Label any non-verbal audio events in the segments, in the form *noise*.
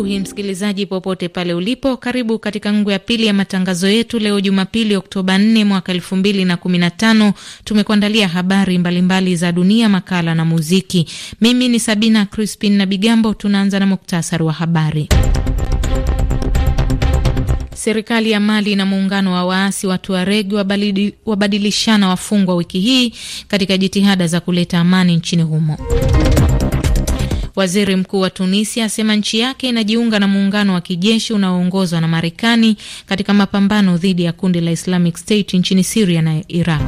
asubuhi, msikilizaji popote pale ulipo, karibu katika ngu ya pili ya matangazo yetu leo Jumapili, Oktoba 4 mwaka 2015. Tumekuandalia habari mbalimbali mbali za dunia, makala na muziki. Mimi ni Sabina Crispin na Bigambo. Tunaanza na muktasari wa habari. Serikali ya Mali na muungano wa waasi wa Tuaregi wabadilishana wafungwa wiki hii katika jitihada za kuleta amani nchini humo. Waziri mkuu wa Tunisia asema nchi yake inajiunga na muungano wa kijeshi unaoongozwa na Marekani katika mapambano dhidi ya kundi la Islamic State nchini Siria na Iraq.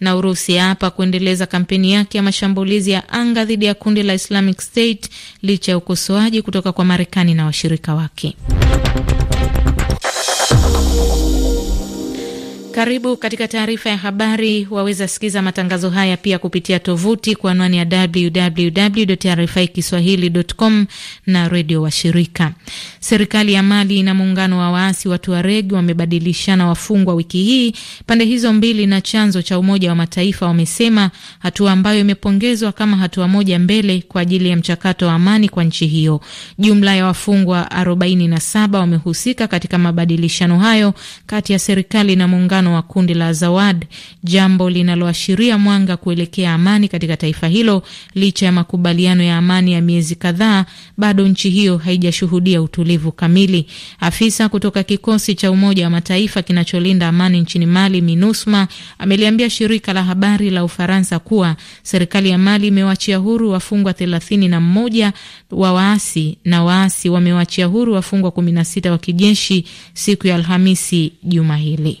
Na Urusi hapa kuendeleza kampeni yake ya mashambulizi ya anga dhidi ya kundi la Islamic State licha ya ukosoaji kutoka kwa Marekani na washirika wake. Karibu katika taarifa ya habari. Waweza sikiza matangazo haya pia kupitia tovuti kwa anwani ya www RFI kiswahilicom na redio shirika. Serikali ya Mali na muungano wa waasi wa Tuareg wamebadilishana wafungwa wiki hii, pande hizo mbili, na chanzo cha Umoja wa Mataifa wamesema hatua ambayo imepongezwa kama hatua moja mbele kwa ajili ya mchakato wa amani kwa nchi hiyo. Jumla ya wafungwa 47 wamehusika katika mabadilishano hayo kati ya serikali na muungano mkutano wa kundi la Zawad, jambo linaloashiria mwanga kuelekea amani katika taifa hilo. Licha ya makubaliano ya amani ya miezi kadhaa, bado nchi hiyo haijashuhudia utulivu kamili. Afisa kutoka kikosi cha Umoja wa Mataifa kinacholinda amani nchini Mali, MINUSMA, ameliambia shirika la habari la Ufaransa kuwa serikali ya Mali imewachia huru wafungwa thelathini na mmoja wa waasi na waasi wamewachia huru wafungwa kumi na sita wa kijeshi siku ya Alhamisi juma hili.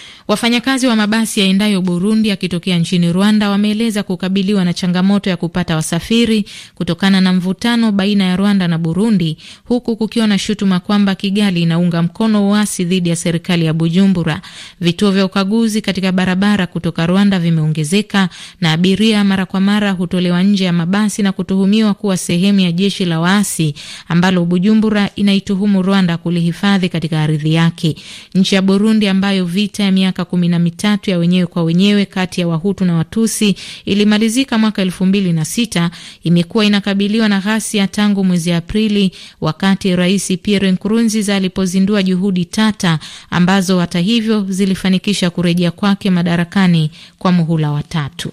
Wafanyakazi wa mabasi yaendayo Burundi ya nchini Rwanda wameeleza kukabiliwa na changamoto ya kupata wasafiri kutokana na mvutano baina ya Rwanda na Burundi, huku kukiwa na shutuma kwamba Kigali inaunga mkono uasi dhidi ya serikali ya Bujumbura. Vituo vya ukaguzi katika barabara kutoka Rwanda vimeongezeka na abiria mara kwa mara hutolewa nje ya mabasi na kutuhumiwa kuwa sehemu ya jeshi la waasi ambalo Bujumbura inaituhumu Rwanda kulihifadhi katika ardhi yake. Nchi ya Burundi ambayo vita ya miaka miaka kumi na mitatu ya wenyewe kwa wenyewe kati ya Wahutu na Watusi ilimalizika mwaka elfu mbili na sita imekuwa inakabiliwa na ghasia tangu mwezi Aprili, wakati Rais Pierre Nkurunziza alipozindua juhudi tata ambazo hata hivyo zilifanikisha kurejea kwake madarakani kwa muhula wa tatu.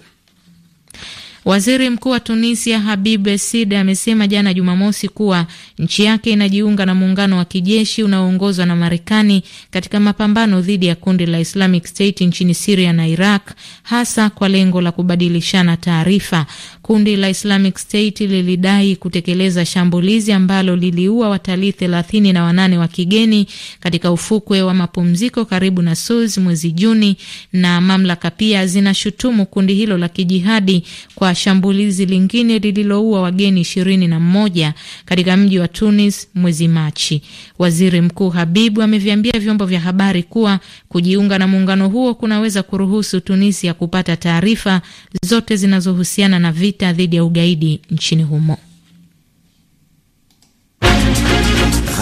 Waziri Mkuu wa Tunisia Habib esid amesema jana Jumamosi kuwa nchi yake inajiunga na muungano wa kijeshi unaoongozwa na Marekani katika mapambano dhidi ya kundi la Islamic State nchini Siria na Iraq, hasa kwa lengo la kubadilishana taarifa. Kundi la Islamic State lilidai kutekeleza shambulizi ambalo liliua watalii thelathini na wanane wa kigeni katika ufukwe wa mapumziko karibu na Suez mwezi Juni, na mamlaka pia zinashutumu kundi hilo la kijihadi kwa shambulizi lingine lililoua wageni ishirini na mmoja katika mji wa Tunis mwezi Machi. Waziri Mkuu Habibu ameviambia vyombo vya habari kuwa kujiunga na muungano huo kunaweza kuruhusu Tunisia kupata taarifa zote zinazohusiana na vita dhidi ya ugaidi nchini humo.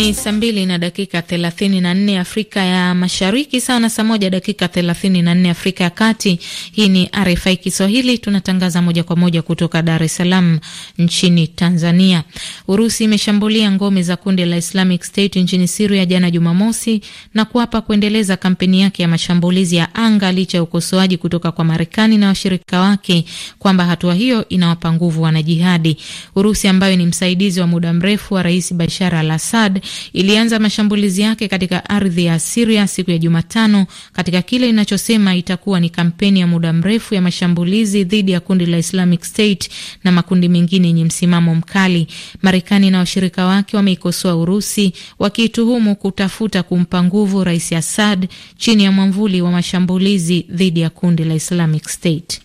Ni saa mbili na dakika thelathini na nne Afrika ya Mashariki, sawa na saa moja dakika thelathini na nne Afrika ya Kati. Hii ni RFI Kiswahili, tunatangaza moja kwa moja kutoka Dar es Salaam nchini Tanzania. Urusi imeshambulia ngome za kundi la Islamic State nchini Siria jana Jumamosi na kuapa kuendeleza kampeni yake ya mashambulizi ya anga licha ya ukosoaji kutoka kwa Marekani na washirika wake kwamba hatua hiyo inawapa nguvu wanajihadi. Urusi ambayo ni msaidizi wa muda mrefu wa Rais Bashar al Assad ilianza mashambulizi yake katika ardhi ya Siria siku ya Jumatano katika kile inachosema itakuwa ni kampeni ya muda mrefu ya mashambulizi dhidi ya kundi la Islamic State na makundi mengine yenye msimamo mkali. Marekani na washirika wake wameikosoa Urusi wakiituhumu kutafuta kumpa nguvu Rais Assad chini ya mwamvuli wa mashambulizi dhidi ya kundi la Islamic State.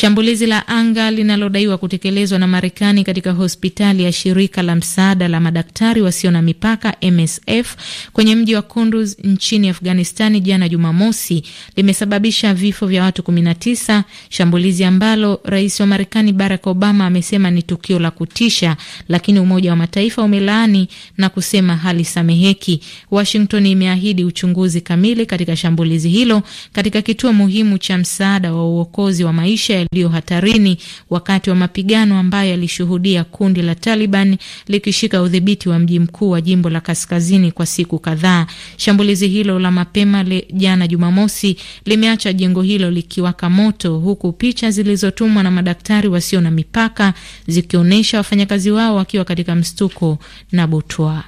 Shambulizi la anga linalodaiwa kutekelezwa na Marekani katika hospitali ya shirika la msaada la madaktari wasio na mipaka MSF kwenye mji wa Kunduz nchini Afghanistani jana Jumamosi limesababisha vifo vya watu 19, shambulizi ambalo rais wa Marekani Barack Obama amesema ni tukio la kutisha, lakini Umoja wa Mataifa umelaani na kusema halisameheki. Washington imeahidi uchunguzi kamili katika shambulizi hilo katika kituo muhimu cha msaada wa uokozi wa maisha walio hatarini wakati wa mapigano ambayo yalishuhudia kundi la Taliban likishika udhibiti wa mji mkuu wa jimbo la kaskazini kwa siku kadhaa. Shambulizi hilo la mapema le, jana Jumamosi limeacha jengo hilo likiwaka moto huku picha zilizotumwa na madaktari wasio na mipaka zikionyesha wafanyakazi wao wakiwa katika mstuko na butwa.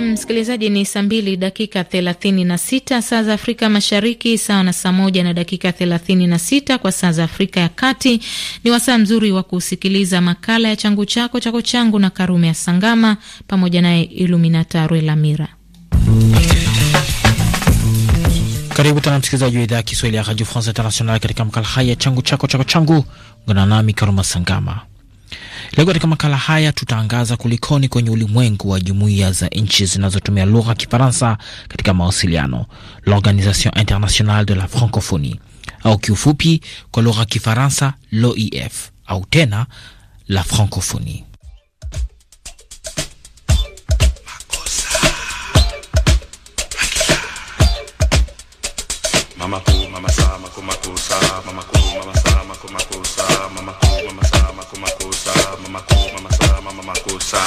na msikilizaji, ni saa mbili dakika thelathini na sita saa za Afrika Mashariki, sawa na saa moja na dakika thelathini na sita kwa saa za Afrika ya Kati. Ni wasaa mzuri wa kusikiliza makala ya changu chako chako changu na Karume ya Sangama pamoja naye Iluminata mira Karibu tena msikilizaji wa idhaa ya Kiswahili ya Radio France International katika makala haya changu chako chako changu, ungana nami Karume Sangama. Leo katika makala haya tutaangaza kulikoni kwenye ulimwengu wa jumuiya za nchi zinazotumia lugha ya Kifaransa katika mawasiliano, l'Organisation Internationale de la Francophonie au kiufupi kwa lugha ya Kifaransa l'OIF au tena la Francophonie. Mama ku, mama sa, mama ku, mama sa, mama ku, mama sa, mama ku, mama sa, mama ku, mama makusa, mamaku, mamasa, mamamakusa.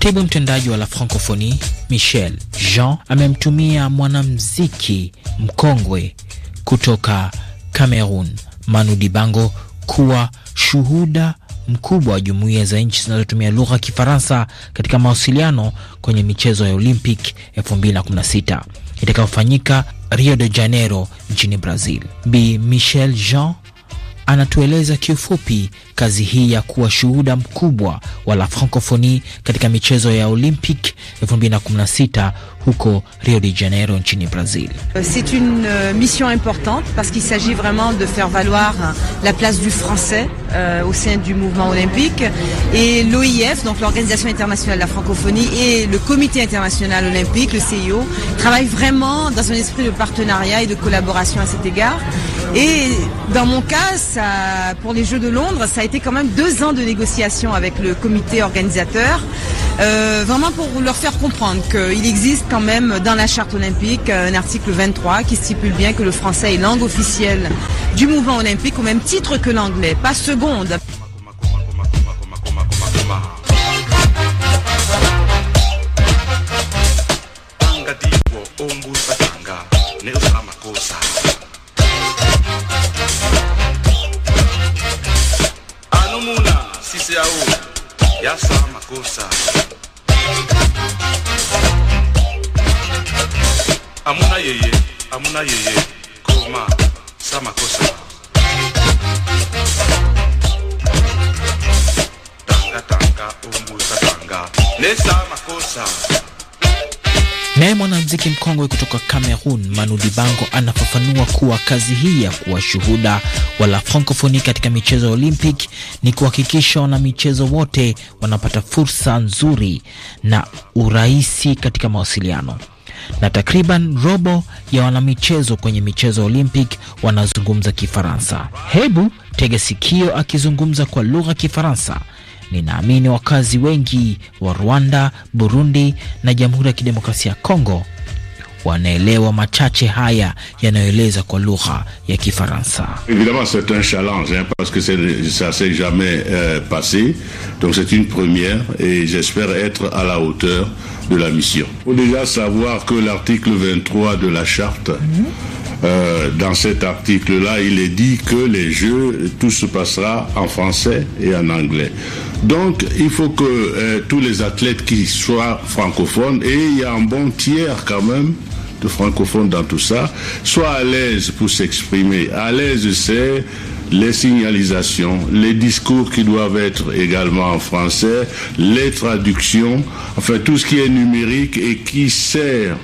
Katibu mtendaji wa La Francophonie Michel Jean amemtumia mwanamziki mkongwe kutoka Cameroon Manu Dibango kuwa shuhuda mkubwa wa jumuiya za nchi zinazotumia lugha ya Kifaransa katika mawasiliano kwenye michezo ya Olympic 2016 itakayofanyika Rio de Janeiro nchini Brazil. Bi Michel Jean anatueleza kiufupi kazi hii ya kuwa shuhuda mkubwa wa la Francophonie katika michezo ya Olympic 2016 C'est une euh, mission importante parce qu'il s'agit vraiment de faire valoir euh, la place du français euh, au sein du mouvement olympique et l'OIF, donc l'Organisation internationale de la francophonie et le comité international olympique, le CIO, travaillent vraiment dans un esprit de partenariat et de collaboration à cet égard. Et dans mon cas, pour les Jeux de Londres, ça a été quand même deux ans de négociations avec le comité organisateur, vraiment pour leur faire comprendre qu'il existe quand même dans la charte olympique euh, un article 23 qui stipule bien que le français est langue officielle du mouvement olympique au même titre que l'anglais, pas seconde. mkongwe kutoka Cameroon Manu Dibango anafafanua kuwa kazi hii ya kuwa shuhuda wa la Francophonie katika michezo ya Olympic ni kuhakikisha wanamichezo wote wanapata fursa nzuri na urahisi katika mawasiliano na takriban robo ya wanamichezo kwenye michezo Olympic wanazungumza Kifaransa. Hebu tega sikio akizungumza kwa lugha Kifaransa. Ninaamini wakazi wengi wa Rwanda, Burundi na Jamhuri ya Kidemokrasia ya Kongo Évidemment, c'est un challenge hein, parce que ça s'est jamais euh, passé donc c'est une première et j'espère être à la hauteur de la mission. Faut déjà savoir que l'article 23 de la charte mhm. euh, dans cet article-là, il est dit que les jeux, tout se passera en français et en anglais. Donc, il faut que euh, tous les athlètes qui soient francophones, et il y a un bon tiers quand même de francophones dans tout ça, soit à l'aise pour s'exprimer. À l'aise, c'est les signalisations, les discours qui doivent être également en français, les traductions, enfin tout ce qui est numérique et qui sert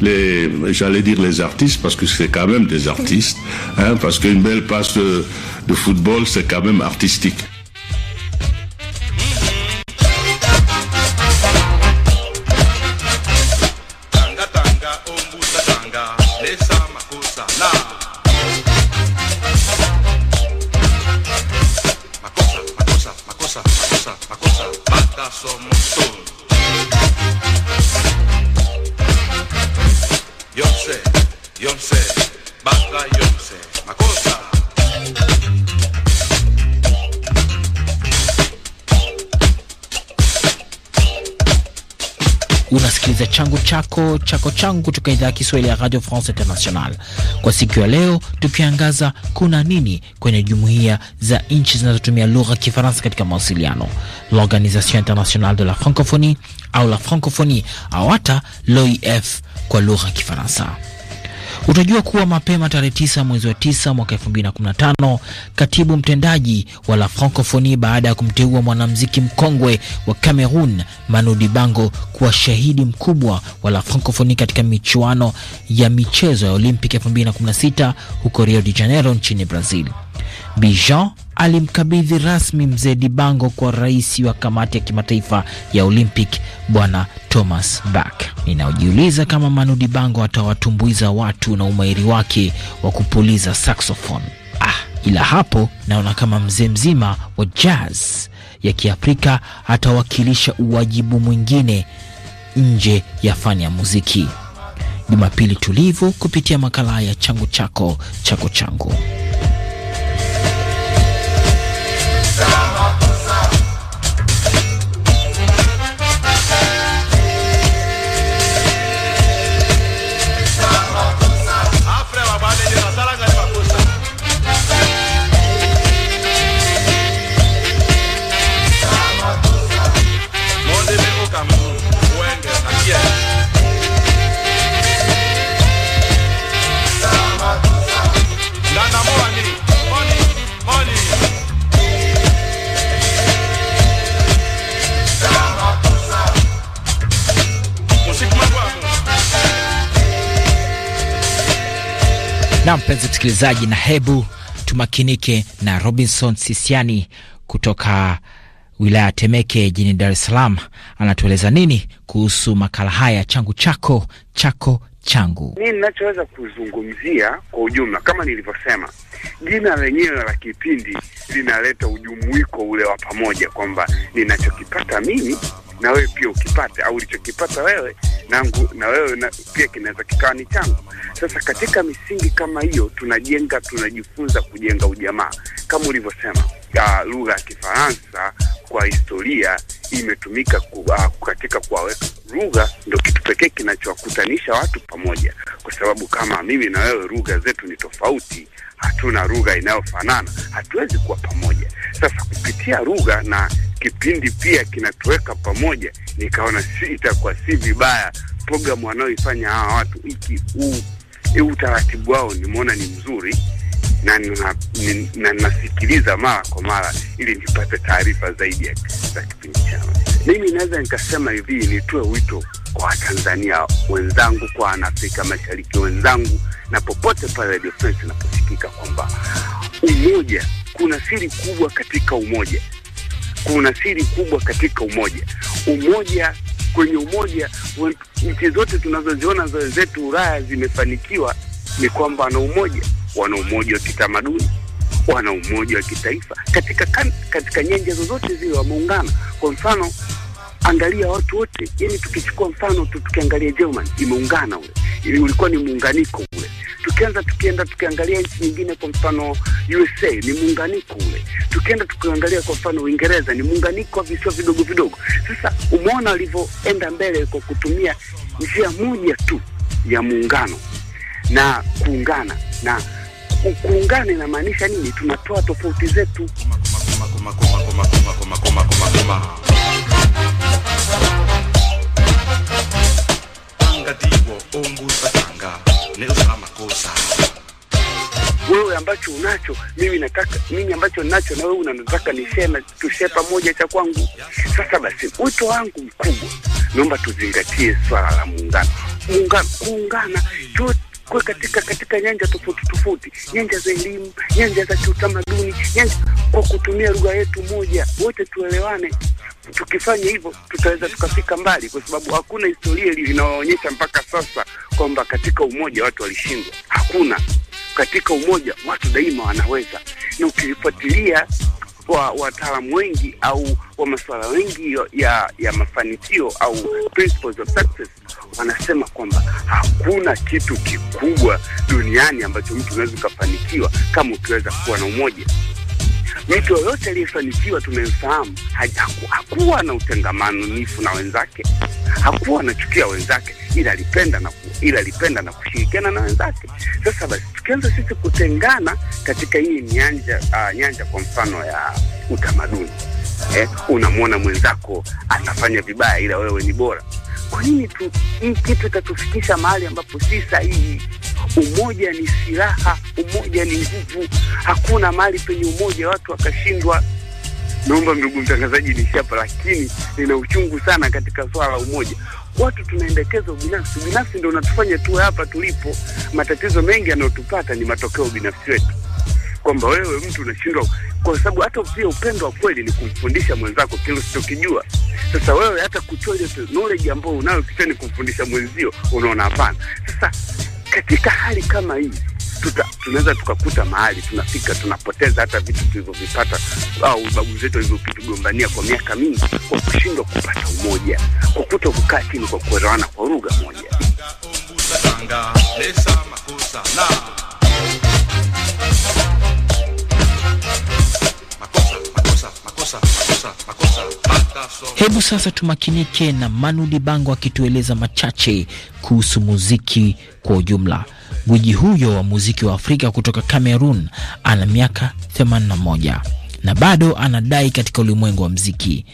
les, j'allais dire les artistes, parce que c'est quand même des artistes, hein, parce qu'une belle passe de football, c'est quand même artistique. chako chako changu kutoka idhaa ya Kiswahili ya Radio France International. Kwa siku ya leo, tukiangaza kuna nini kwenye jumuiya za nchi zinazotumia lugha ya Kifaransa katika mawasiliano, l'Organisation Internationale de la Francophonie au la Francophonie au hata l'OIF kwa lugha ya Kifaransa. Utajua kuwa mapema tarehe tisa mwezi wa tisa mwaka elfu mbili na kumi na tano katibu mtendaji wa La Francophonie baada ya kumteua mwanamuziki mkongwe wa Cameroon Manu Dibango kuwa shahidi mkubwa wa La Francophonie katika michuano ya michezo ya Olimpiki elfu mbili na kumi na sita huko Rio de Janeiro nchini Brazil. Bijan alimkabidhi rasmi mzee Dibango kwa rais wa kamati ya kimataifa ya Olympic bwana Thomas Bach. Ninajiuliza kama Manu Dibango atawatumbuiza watu na umahiri wake wa kupuliza saxophone. Ah, ila hapo naona kama mzee mzima wa jazz ya Kiafrika atawakilisha uwajibu mwingine nje ya fani ya muziki. Jumapili tulivu kupitia makala ya changu chako chako changu. Na mpenzi msikilizaji, na hebu tumakinike na Robinson Sisiani kutoka wilaya ya Temeke jijini Dar es Salaam, anatueleza nini kuhusu makala haya changu chako chako changu. Mimi ninachoweza kuzungumzia kwa ujumla, kama nilivyosema, jina lenyewe la kipindi linaleta ujumuiko ule wa pamoja, kwamba ninachokipata mimi na wewe pia ukipate au ulichokipata wewe nangu na wewe na, pia kinaweza kikawa ni changu. Sasa katika misingi kama hiyo tunajenga, tunajifunza kujenga ujamaa kama ulivyosema. Lugha ya Kifaransa kwa historia imetumika ah, katika kuwaweka lugha ndo kitu pekee kinachowakutanisha watu pamoja, kwa sababu kama mimi na wewe lugha zetu ni tofauti, hatuna lugha inayofanana, hatuwezi kuwa pamoja. Sasa kupitia lugha na kipindi pia kinatuweka pamoja, nikaona si itakuwa si vibaya programu wanaoifanya hawa watu iki huu utaratibu wao nimeona ni mzuri na ninasikiliza mara kwa mara ili nipate taarifa zaidi za kipindi chao. Mimi naweza nikasema hivi, nitoe wito kwa Watanzania wenzangu, kwa Wanaafrika Mashariki wenzangu, na popote pale Radio France inaposikika kwamba umoja, kuna siri kubwa katika umoja, kuna siri kubwa katika umoja. Umoja, kwenye umoja, nchi zote tunazoziona za wenzetu Ulaya zimefanikiwa ni kwamba wana umoja, wana umoja wa kitamaduni wana umoja wa kitaifa katika, katika nyanja zozote zile wameungana. Kwa mfano angalia watu wote, yani tukichukua mfano tu, tukiangalia Germany imeungana ule, ili ulikuwa ni muunganiko ule. Tukianza tukienda tukiangalia nchi nyingine, kwa mfano USA ni muunganiko ule. Tukienda tukiangalia kwa mfano Uingereza ni muunganiko wa visiwa vidogo vidogo. Sasa umeona alivyoenda mbele kwa kutumia njia moja tu ya muungano na kuungana, na kuungana inamaanisha nini? Tunatoa tofauti zetu. Koma, koma, koma, koma, koma, koma, koma, koma, koma, koma. Ngatiwo ombusa Wewe ambacho unacho mimi nataka, mimi ambacho nacho na wewe unanitaka niseme, tushe pamoja cha kwangu. Sasa basi, wito wangu mkubwa, naomba tuzingatie swala la muungano, muungano, kuungana, kwa katika katika nyanja tofauti tofauti, nyanja za elimu, nyanja za kiutamaduni, nyanja kwa kutumia lugha yetu moja, wote tuelewane. Tukifanya hivyo tutaweza tukafika mbali, kwa sababu hakuna historia inayoonyesha mpaka sasa kwamba katika umoja watu walishindwa. Hakuna. Katika umoja watu daima wanaweza, na ukifuatilia wa wataalamu wengi au wa masuala wengi ya ya mafanikio au principles of success wanasema kwamba hakuna kitu kikubwa duniani ambacho mtu unaweza ukafanikiwa kama ukiweza kuwa na umoja. Mtu yoyote aliyefanikiwa tumemfahamu hakuwa na utengamano nifu na wenzake, hakuwa anachukia wenzake, ila alipenda na, ku, ila alipenda na kushirikiana na wenzake. Sasa basi tukianza sisi kutengana katika hii nyanja, uh, nyanja kwa mfano ya utamaduni eh, unamwona mwenzako anafanya vibaya, ila wewe ni bora. Kwa nini tu hii kitu itatufikisha mahali ambapo si sahihi? Umoja ni silaha, umoja ni nguvu. Hakuna mahali penye umoja watu wakashindwa. Naomba ndugu mtangazaji, ni shapa, lakini nina uchungu sana katika swala la umoja watu tunaendekeza ubinafsi. Ubinafsi ndio unatufanya tuwe hapa tulipo. Matatizo mengi yanayotupata ni matokeo binafsi wetu, kwamba wewe mtu unashindwa, kwa sababu hata pia upendo wa kweli ni kumfundisha mwenzako kile usichokijua. Sasa wewe hata kuchoja ile knowledge ambayo unayo kichwani kumfundisha mwenzio, unaona hapana. Sasa katika hali kama hii tunaweza tukakuta mahali tunafika tunapoteza hata vitu tulivyovipata au babu zetu walivyotugombania kwa miaka mingi, kwa kushindwa kupata umoja, kwa kuto kukaa chini, kwa kuelewana kwa lugha moja. Hebu sasa tumakinike na Manu Dibango akitueleza machache kuhusu muziki kwa ujumla. Gwiji huyo wa muziki wa Afrika kutoka Cameroon ana miaka 81 na bado anadai katika ulimwengu wa mziki.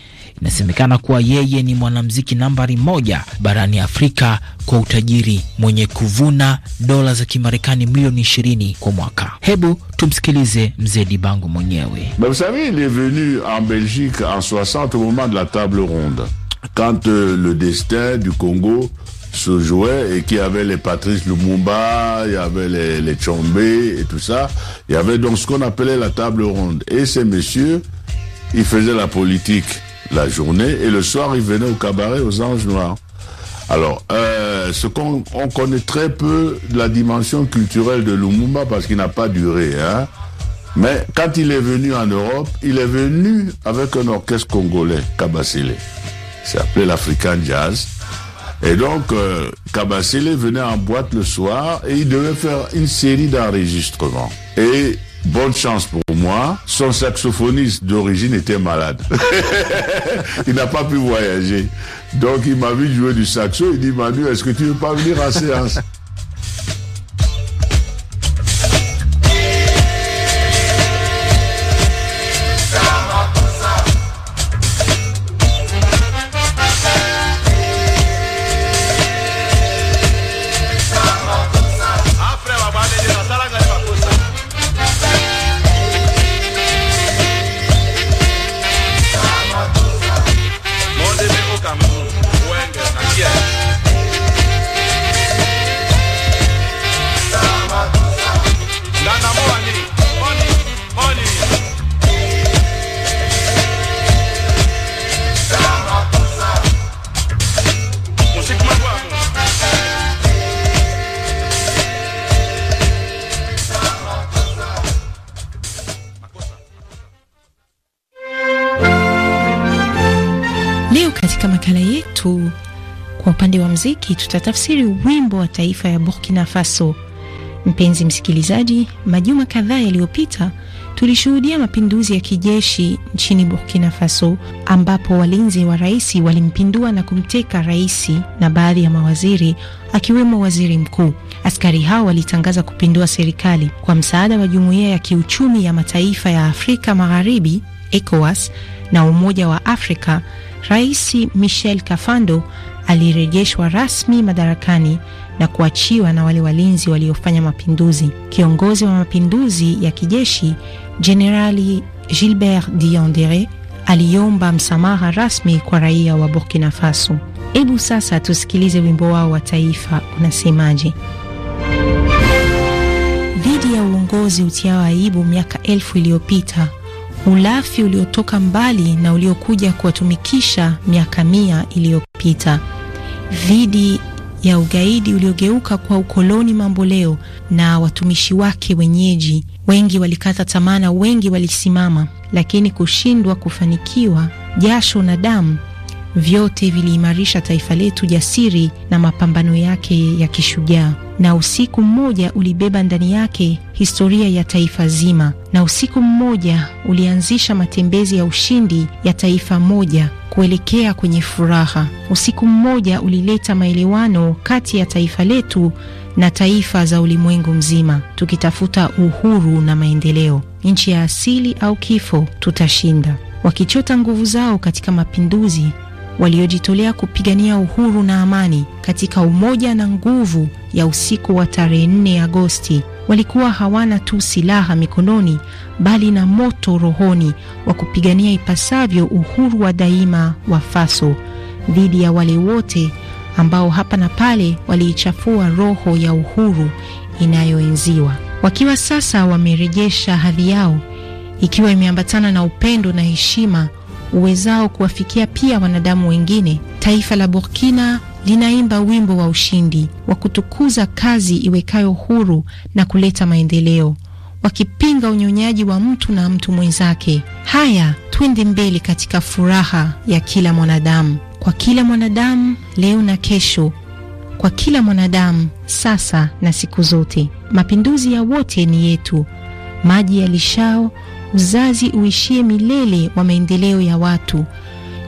Inasemekana kuwa yeye ni mwanamziki nambari moja barani Afrika kwa utajiri, mwenye kuvuna dola za Kimarekani milioni 20 kwa mwaka. Hebu tumsikilize mzee Dibango mwenyewe. Vous savez, venu en Belgique en 60 au moment de la table ronde quand euh, le destin du Congo se jouait et qui avait les Patrice Lumumba, il y avait les, les Chombé et tout ça. Il y avait donc ce qu'on appelait la table ronde. Et ces messieurs, ils faisaient la politique la journée et le soir, ils venaient au cabaret aux Anges Noirs. Alors, euh, ce qu'on on connaît très peu de la dimension culturelle de Lumumba parce qu'il n'a pas duré. Hein. Mais quand il est venu en Europe, il est venu avec un orchestre congolais, Kabasile. C'est appelé l'African Jazz. Et donc, euh, venait en boîte le soir et il devait faire une série d'enregistrements. Et bonne chance pour moi, son saxophoniste d'origine était malade. *laughs* il n'a pas pu voyager. Donc, il m'a vu jouer du saxo. Il dit, Manu, est-ce que tu veux pas venir à séance tutatafsiri wimbo wa taifa ya Burkina Faso. Mpenzi msikilizaji, majuma kadhaa yaliyopita tulishuhudia mapinduzi ya kijeshi nchini Burkina Faso ambapo walinzi wa rais walimpindua na kumteka rais na baadhi ya mawaziri akiwemo waziri mkuu. Askari hao walitangaza kupindua serikali kwa msaada wa Jumuiya ya Kiuchumi ya Mataifa ya Afrika Magharibi ECOWAS na Umoja wa Afrika. Rais Michel Kafando alirejeshwa rasmi madarakani na kuachiwa na wale walinzi waliofanya mapinduzi. Kiongozi wa mapinduzi ya kijeshi Jenerali Gilbert Diendere aliomba msamaha rasmi kwa raia wa Burkina Faso. Hebu sasa tusikilize wimbo wao wa taifa unasemaje? Dhidi ya uongozi utiao aibu miaka elfu iliyopita, ulafi uliotoka mbali na uliokuja kuwatumikisha miaka mia iliyopita dhidi ya ugaidi uliogeuka kwa ukoloni mamboleo, na watumishi wake wenyeji wengi walikata tamaa na wengi walisimama, lakini kushindwa, kufanikiwa, jasho na damu vyote viliimarisha taifa letu jasiri na mapambano yake ya kishujaa na usiku mmoja ulibeba ndani yake historia ya taifa zima, na usiku mmoja ulianzisha matembezi ya ushindi ya taifa moja kuelekea kwenye furaha. Usiku mmoja ulileta maelewano kati ya taifa letu na taifa za ulimwengu mzima, tukitafuta uhuru na maendeleo. Nchi ya asili au kifo, tutashinda. Wakichota nguvu zao katika mapinduzi waliojitolea kupigania uhuru na amani katika umoja na nguvu ya usiku wa tarehe 4 Agosti walikuwa hawana tu silaha mikononi, bali na moto rohoni wa kupigania ipasavyo uhuru wa daima wa Faso dhidi ya wale wote ambao hapa na pale waliichafua roho ya uhuru inayoenziwa. Wakiwa sasa wamerejesha hadhi yao, ikiwa imeambatana na upendo na heshima uwezao kuwafikia pia wanadamu wengine, taifa la Burkina linaimba wimbo wa ushindi wa kutukuza kazi iwekayo huru na kuleta maendeleo, wakipinga unyonyaji wa mtu na mtu mwenzake. Haya, twende mbele katika furaha ya kila mwanadamu, kwa kila mwanadamu leo na kesho, kwa kila mwanadamu sasa na siku zote. Mapinduzi ya wote ni yetu, maji yalishao uzazi uishie milele wa maendeleo ya watu,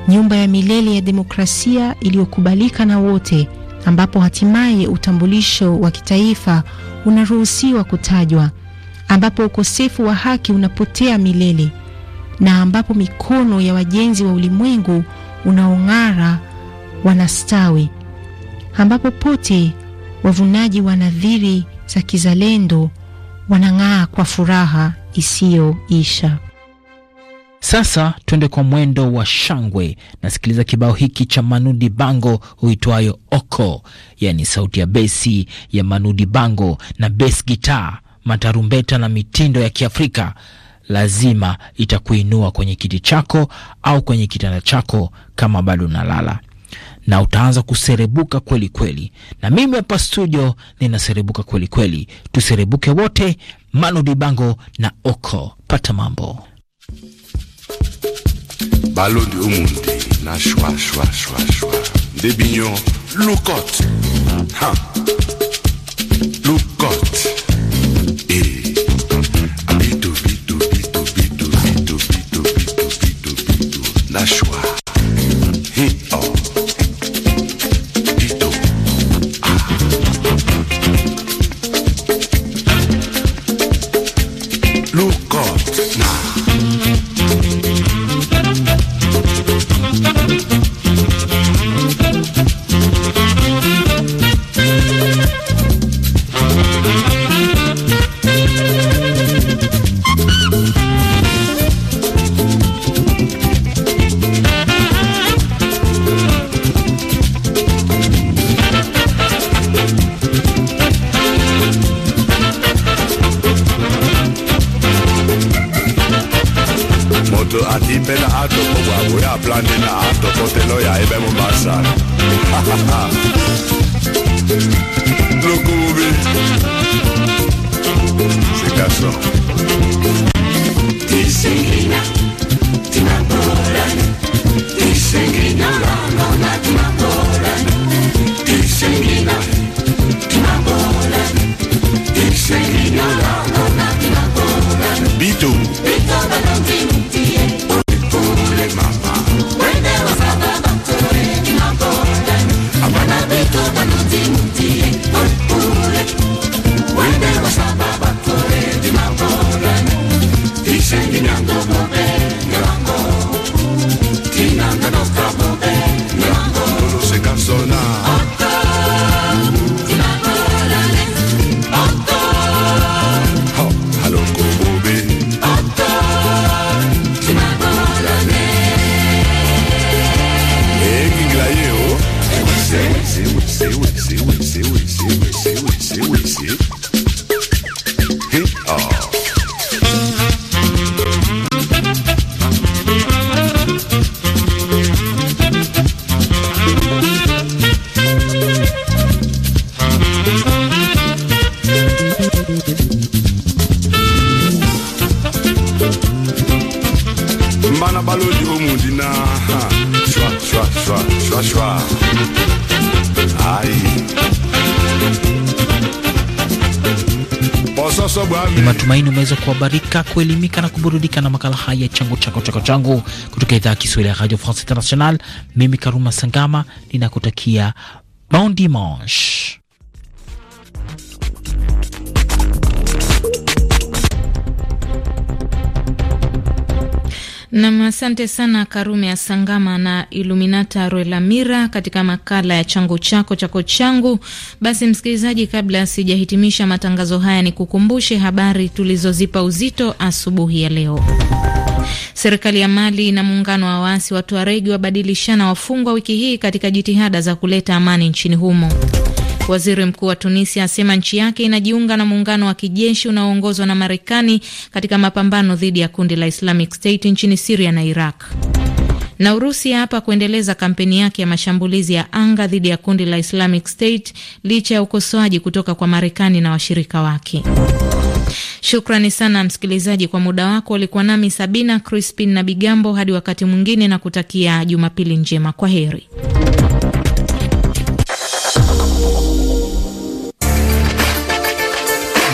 nyumba ya milele ya demokrasia iliyokubalika na wote, ambapo hatimaye utambulisho wa kitaifa unaruhusiwa kutajwa, ambapo ukosefu wa haki unapotea milele, na ambapo mikono ya wajenzi wa ulimwengu unaong'ara wanastawi, ambapo pote wavunaji wa nadhiri za kizalendo wanang'aa kwa furaha isiyoisha. Sasa twende kwa mwendo wa shangwe, nasikiliza kibao hiki cha Manudi Bango huitwayo Oko, yaani sauti ya besi ya Manudi Bango na bes gitaa, matarumbeta na mitindo ya Kiafrika lazima itakuinua kwenye kiti chako au kwenye kitanda chako kama bado unalala na utaanza kuserebuka kweli kweli. Na mimi hapa studio ninaserebuka kweli kweli, tuserebuke wote. Manu Dibango na Oko, pata mambo balondi umundi na shwa shwa shwa shwa ndebinyo lukot ha *laughs* Se casó. kuhabarika, kuelimika na kuburudika na makala haya changu chako chako changu kutoka idhaa ya Kiswahili ya Radio France International. Mimi Karuma Sangama ninakutakia bon dimanche. Nam, asante sana Karume Asangama na Iluminata Roelamira katika makala ya changu chako chako changu. Basi msikilizaji, kabla sijahitimisha matangazo haya, ni kukumbushe habari tulizozipa uzito asubuhi ya leo. Serikali ya Mali na muungano wa waasi wa Tuaregi wabadilishana wafungwa wiki hii katika jitihada za kuleta amani nchini humo. Waziri mkuu wa Tunisia asema nchi yake inajiunga na muungano wa kijeshi unaoongozwa na Marekani katika mapambano dhidi ya kundi la Islamic State nchini Siria na Iraq. Na Urusi hapa kuendeleza kampeni yake ya mashambulizi ya anga dhidi ya kundi la Islamic State licha ya ukosoaji kutoka kwa Marekani na washirika wake. Shukrani sana msikilizaji kwa muda wako. Ulikuwa nami Sabina Crispin na Bigambo hadi wakati mwingine, na kutakia Jumapili njema. Kwa heri.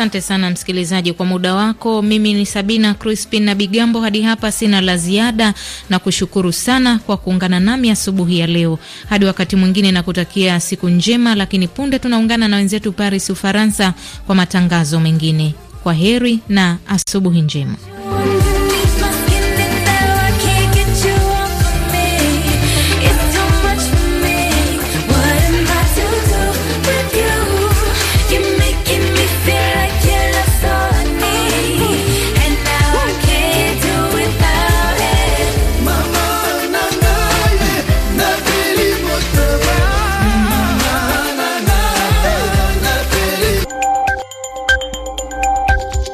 Asante sana msikilizaji kwa muda wako. Mimi ni Sabina Crispin na Bigambo. Hadi hapa sina la ziada na kushukuru sana kwa kuungana nami asubuhi ya leo. Hadi wakati mwingine, na kutakia siku njema, lakini punde tunaungana na wenzetu Paris, Ufaransa, kwa matangazo mengine. Kwa heri na asubuhi njema.